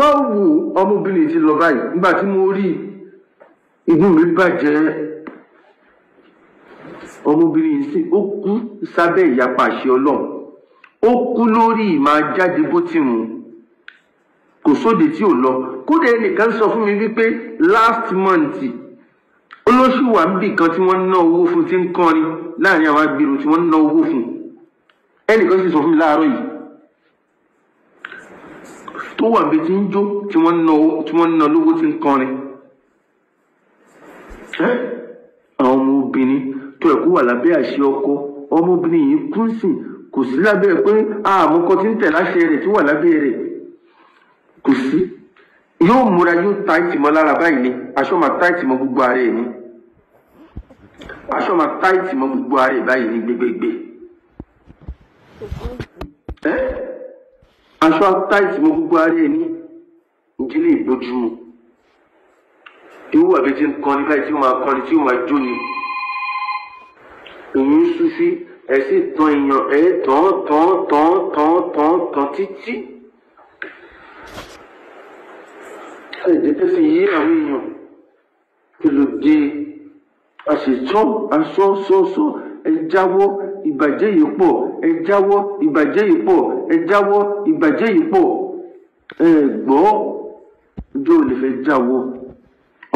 wọ́n wù ọmọbìnrin ti lọ báyìí nígbà tí mo rí inú mi bàjẹ́ ọmọbìnrin yìí ó kú sábẹ́ ìyapa àṣẹ ọlọ́run ó kú lórí ìmáa jáde bó ti wù kò sóde tí ò lọ kódà ẹnìkan sọ fún mi wípé last month olóṣù wà níbì kan tí wọ́n ń ná owó fún ti ń kọrin láàrin àwọn agbèrò tí wọ́n ń ná owó fún ẹnìkan sì sọ fún mi láàárọ̀ yìí tó wà níbi tí ń jó tí wọ́n ń na lówó tí ń kọrin àwọn ọmọbìnrin tó ẹ̀kú wà lábẹ́ àṣẹ ọkọ ọmọbìnrin yìí kún sí kò sí lábẹ́ ẹ̀ pé àmọ́kọ tí ń tẹ̀ láṣẹ rẹ̀ tí wà lábẹ́ rẹ̀ kò sí yóò múra yóò ta ìtìmọ́ lára báyìí ni aṣọ máa ta ìtìmọ́ gbogbo ara ẹ̀ ni aṣọ máa ta ìtìmọ́ gbogbo ara ẹ̀ báyìí ni gbégbégbé aṣọ táìsì mo gbogbo ara ẹ ní ìdílé ìbójúmu irú àbí tí ń kọni báyìí tí ó máa kọni tí ó máa jó ni èyí ń sú sí ẹ sì tan èèyàn ẹ tán tán tán tán tán tán títí ẹ̀ẹ́dẹ́gbẹ́ sì yí àwọn èèyàn kí ló dé àṣetán aṣọ ṣọṣọ ẹ jáwọ́ ìbàjẹ́ yìí pọ̀ ẹ jáwọ́ ìbàjẹ́ yìí pọ̀ ẹ jáwọ́ ìbàjẹ́ yìí pọ̀ ẹ gbọ́ ọjọ́ ò lè fẹ́ jáwọ́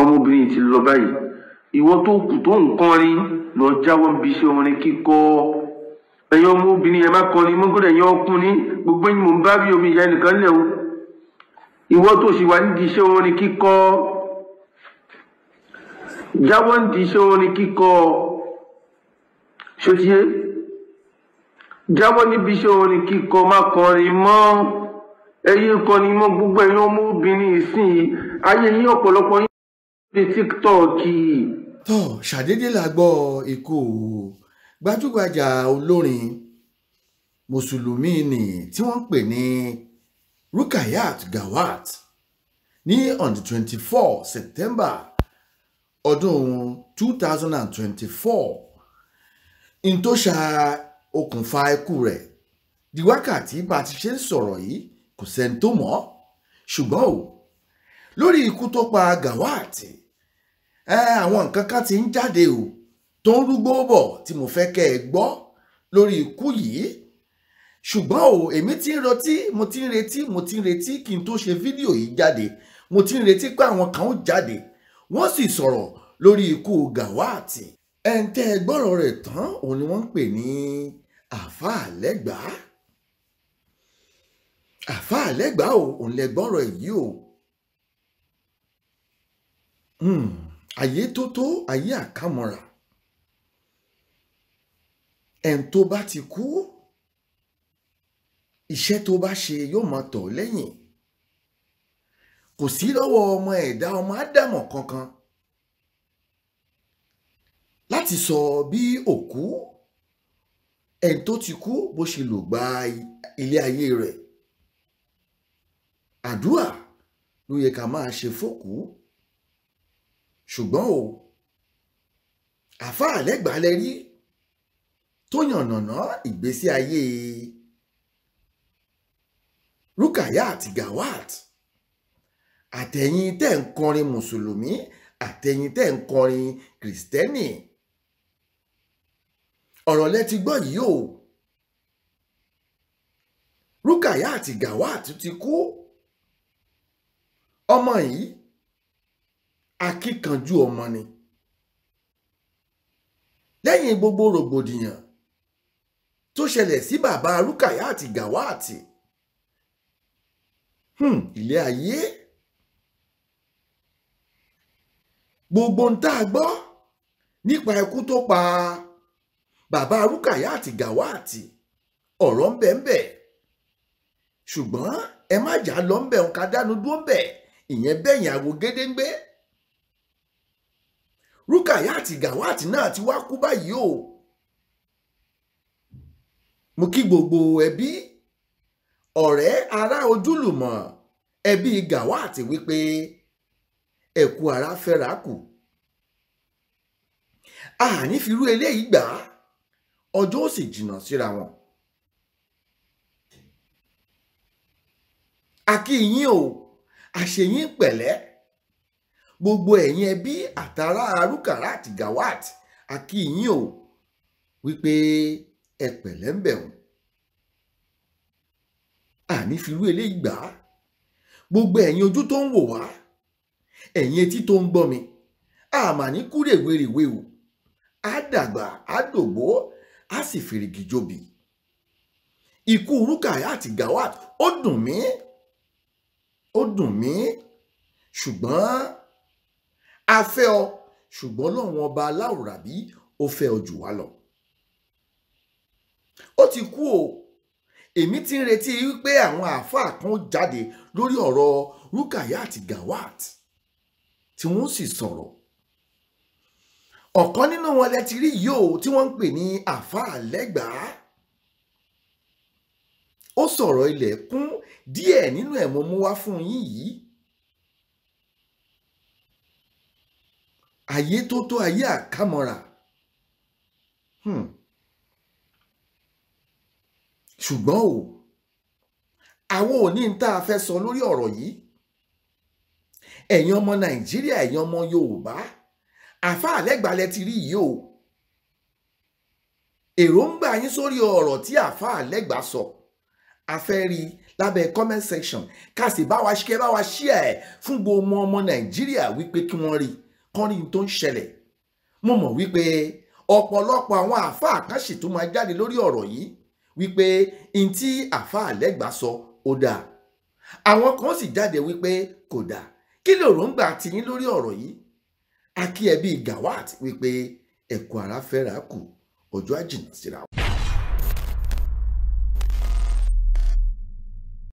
ọmọbìnrin ti lọ báyìí ìwọ tó kù tó nǹkan rí lọ jáwọ́ níbi iṣẹ́ orin kíkọ ẹ̀yin ọmọbìnrin yẹn má kọrin mọ́gòdà ẹ̀yin ọkùnrin gbogbo ẹ̀yin mò ń bá rí omi ìyá ẹnìkan lẹ̀ o ìwọ tó sì wà nídìí iṣẹ́ orin kíkọ jáwọ́ nídìí iṣẹ́ orin kíkọ ṣòtìyé jábọ́ níbi iṣẹ́ orin kíkọ má kọrin mọ́ ẹ̀yin kọrin mọ́ gbogbo ẹ̀yin ọmọ obìnrin ìsìn ayé yín ọ̀pọ̀lọpọ̀ yín lórí tiktok. tó ṣàdédé la gbọ́ ikú gbajúgbajà olórin mùsùlùmí ni tí wọ́n ń pè ní Rukayat Gawat ní on the twenty four September ọdún two thousand and twenty four n tó ṣa okùnfà ikú rẹ̀ di wákàtí bá a ti ṣe ń sọ̀rọ̀ yìí kò sẹ́ni tó mọ̀ ọ́ ṣùgbọ́n o lórí ikú tó pa Gawat ẹ àwọn nǹkan kan ti ń jáde o tó ń rúgbó bọ̀ tí mo fẹ́ kẹ́ ẹ gbọ́ lórí ikú yìí ṣùgbọ́n o èmi ti ń retí mo ti ń retí mo ti ń retí kí n tó ṣe fídíò yìí jáde mo ti ń retí pé àwọn kan ó jáde wọ́n sì sọ̀rọ̀ lórí ikú Gawat ẹ̀ǹtẹ́ ẹgbọ́rọ̀ rẹ̀ tán òun ni wọ́n ń pè ní àfáà lẹ́gbàá àfáà lẹ́gbàá o òun lẹ́gbọ́rọ̀ èyí o àyè hmm, tó tó àyè àkàmọ́ra ẹ̀ǹ tó bá ti kú iṣẹ́ tó bá ṣe yóò máa tọ̀ lẹ́yìn kò sí lọ́wọ́ ọmọ ẹ̀dá ọmọ ádámọ̀ kankan láti sọ bí òkú ẹni tó ti kú bó ṣe lò gba ilé ayé rẹ̀ àdúrà ló yẹ ká máa ṣe fókù ṣùgbọ́n o àfáà lẹ́gbàálẹ́ rí tó yànnàná ìgbésí ayé Rukayat Gawat àtẹ̀yìn tẹ́ ń kọrin mùsùlùmí àtẹ̀yìn tẹ́ ń kọrin kìrìsìtẹ́nì ọ̀rọ̀ lẹ ti gbọ́ yìí o Rukayat Gawat ti kú ọmọ yìí akíkanjú ọmọ ni lẹ́yìn gbogbo rògbòdìyàn tó ṣẹlẹ̀ sí bàbá Rukayat Gawat hmm, ilé ayé gbogbo ń tá a gbọ́ nípa ikú tó pa á bàbá Rúkàyà àti Gàwáàtì ọ̀rọ̀ ń bẹ ń bẹ ṣùgbọ́n ẹ má jà lọ ń bẹ̀ òǹkà dánú dúró ń bẹ̀ ìyẹn bẹ́yìn àwo gédéńgbé Rúkàyà àti Gàwáàtì náà ti wá kú báyìí o mo kí gbogbo ẹbí ọ̀rẹ́ ará ojúlùmọ̀ ẹbí Gàwáàtì wípé ẹ̀kú ara fẹ́ra kù àní firú eléyìí gbà ọjọ́ ó sì jìnnà síra wọn. àkí yín o àṣeyín pẹ̀lẹ́ gbogbo ẹ̀yin ẹbí àtàrà arúkàrà àti gawat àkí yín o wípé ẹ pẹ̀lẹ́ ń bẹ̀rù àní firú eléyìí gbà á gbogbo ẹ̀yin ojú tó ń wò wá ẹ̀yin etí tó ń gbọ́ mi àmà ní o á dàgbà á dògbó á sì fìrìgì jòbì ikú Rukayat àti Gawat ó dùn mí ó dùn mí ṣùgbọ́n a fẹ́ ọ ṣùgbọ́n lọ́wọ́n ọba aláwùrábí ó fẹ́ ọ jù wá lọ ó ti kú o èmi ti ń retí wípé àwọn àáfàá kan jáde lórí ọ̀rọ̀ Rukayat àti Gawat tí wọ́n sì sọ̀rọ̀ ọ̀kan nínú wọn lẹ ti rí yìí o tí wọ́n ń pè ní àfáà lẹ́gbàá ó sọ̀rọ̀ ilẹ̀ kún díẹ̀ nínú ẹ̀ mo mú wá fún yín yìí ayé tó tó ayé àkámọ́ra hmm. ṣùgbọ́n o àwọn ò ní tá a fẹ́ sọ lórí ọ̀rọ̀ yìí ẹ̀yin ọmọ Nàìjíríà ẹ̀yin ọmọ Yorùbá àfa àlẹ́gbàá lẹ ti rí yìí o èròǹgbà yín sórí ọ̀rọ̀ tí àfa àlẹ́gbàá sọ afẹ́rí lábẹ́ comment section ká sì bá wa ṣe bá wa ṣí ẹ̀ fún gbogbo ọmọ nàìjíríà wípé kí wọ́n rí kọ́rí tó ń ṣẹlẹ̀ mo mọ̀ wípé ọ̀pọ̀lọpọ̀ àwọn àfa àkànṣe tó máa jáde lórí ọ̀rọ̀ yìí wípé n tí àfa àlẹ́gbàá sọ ó dáa àwọn kan sì jáde wípé kò dáa kí lèròǹgbà tiyín lórí ọ̀rọ̀ yìí akíyẹbí gawat wípé ẹkùn ara fẹ́ra kù ọjọ́ àjìnà síra.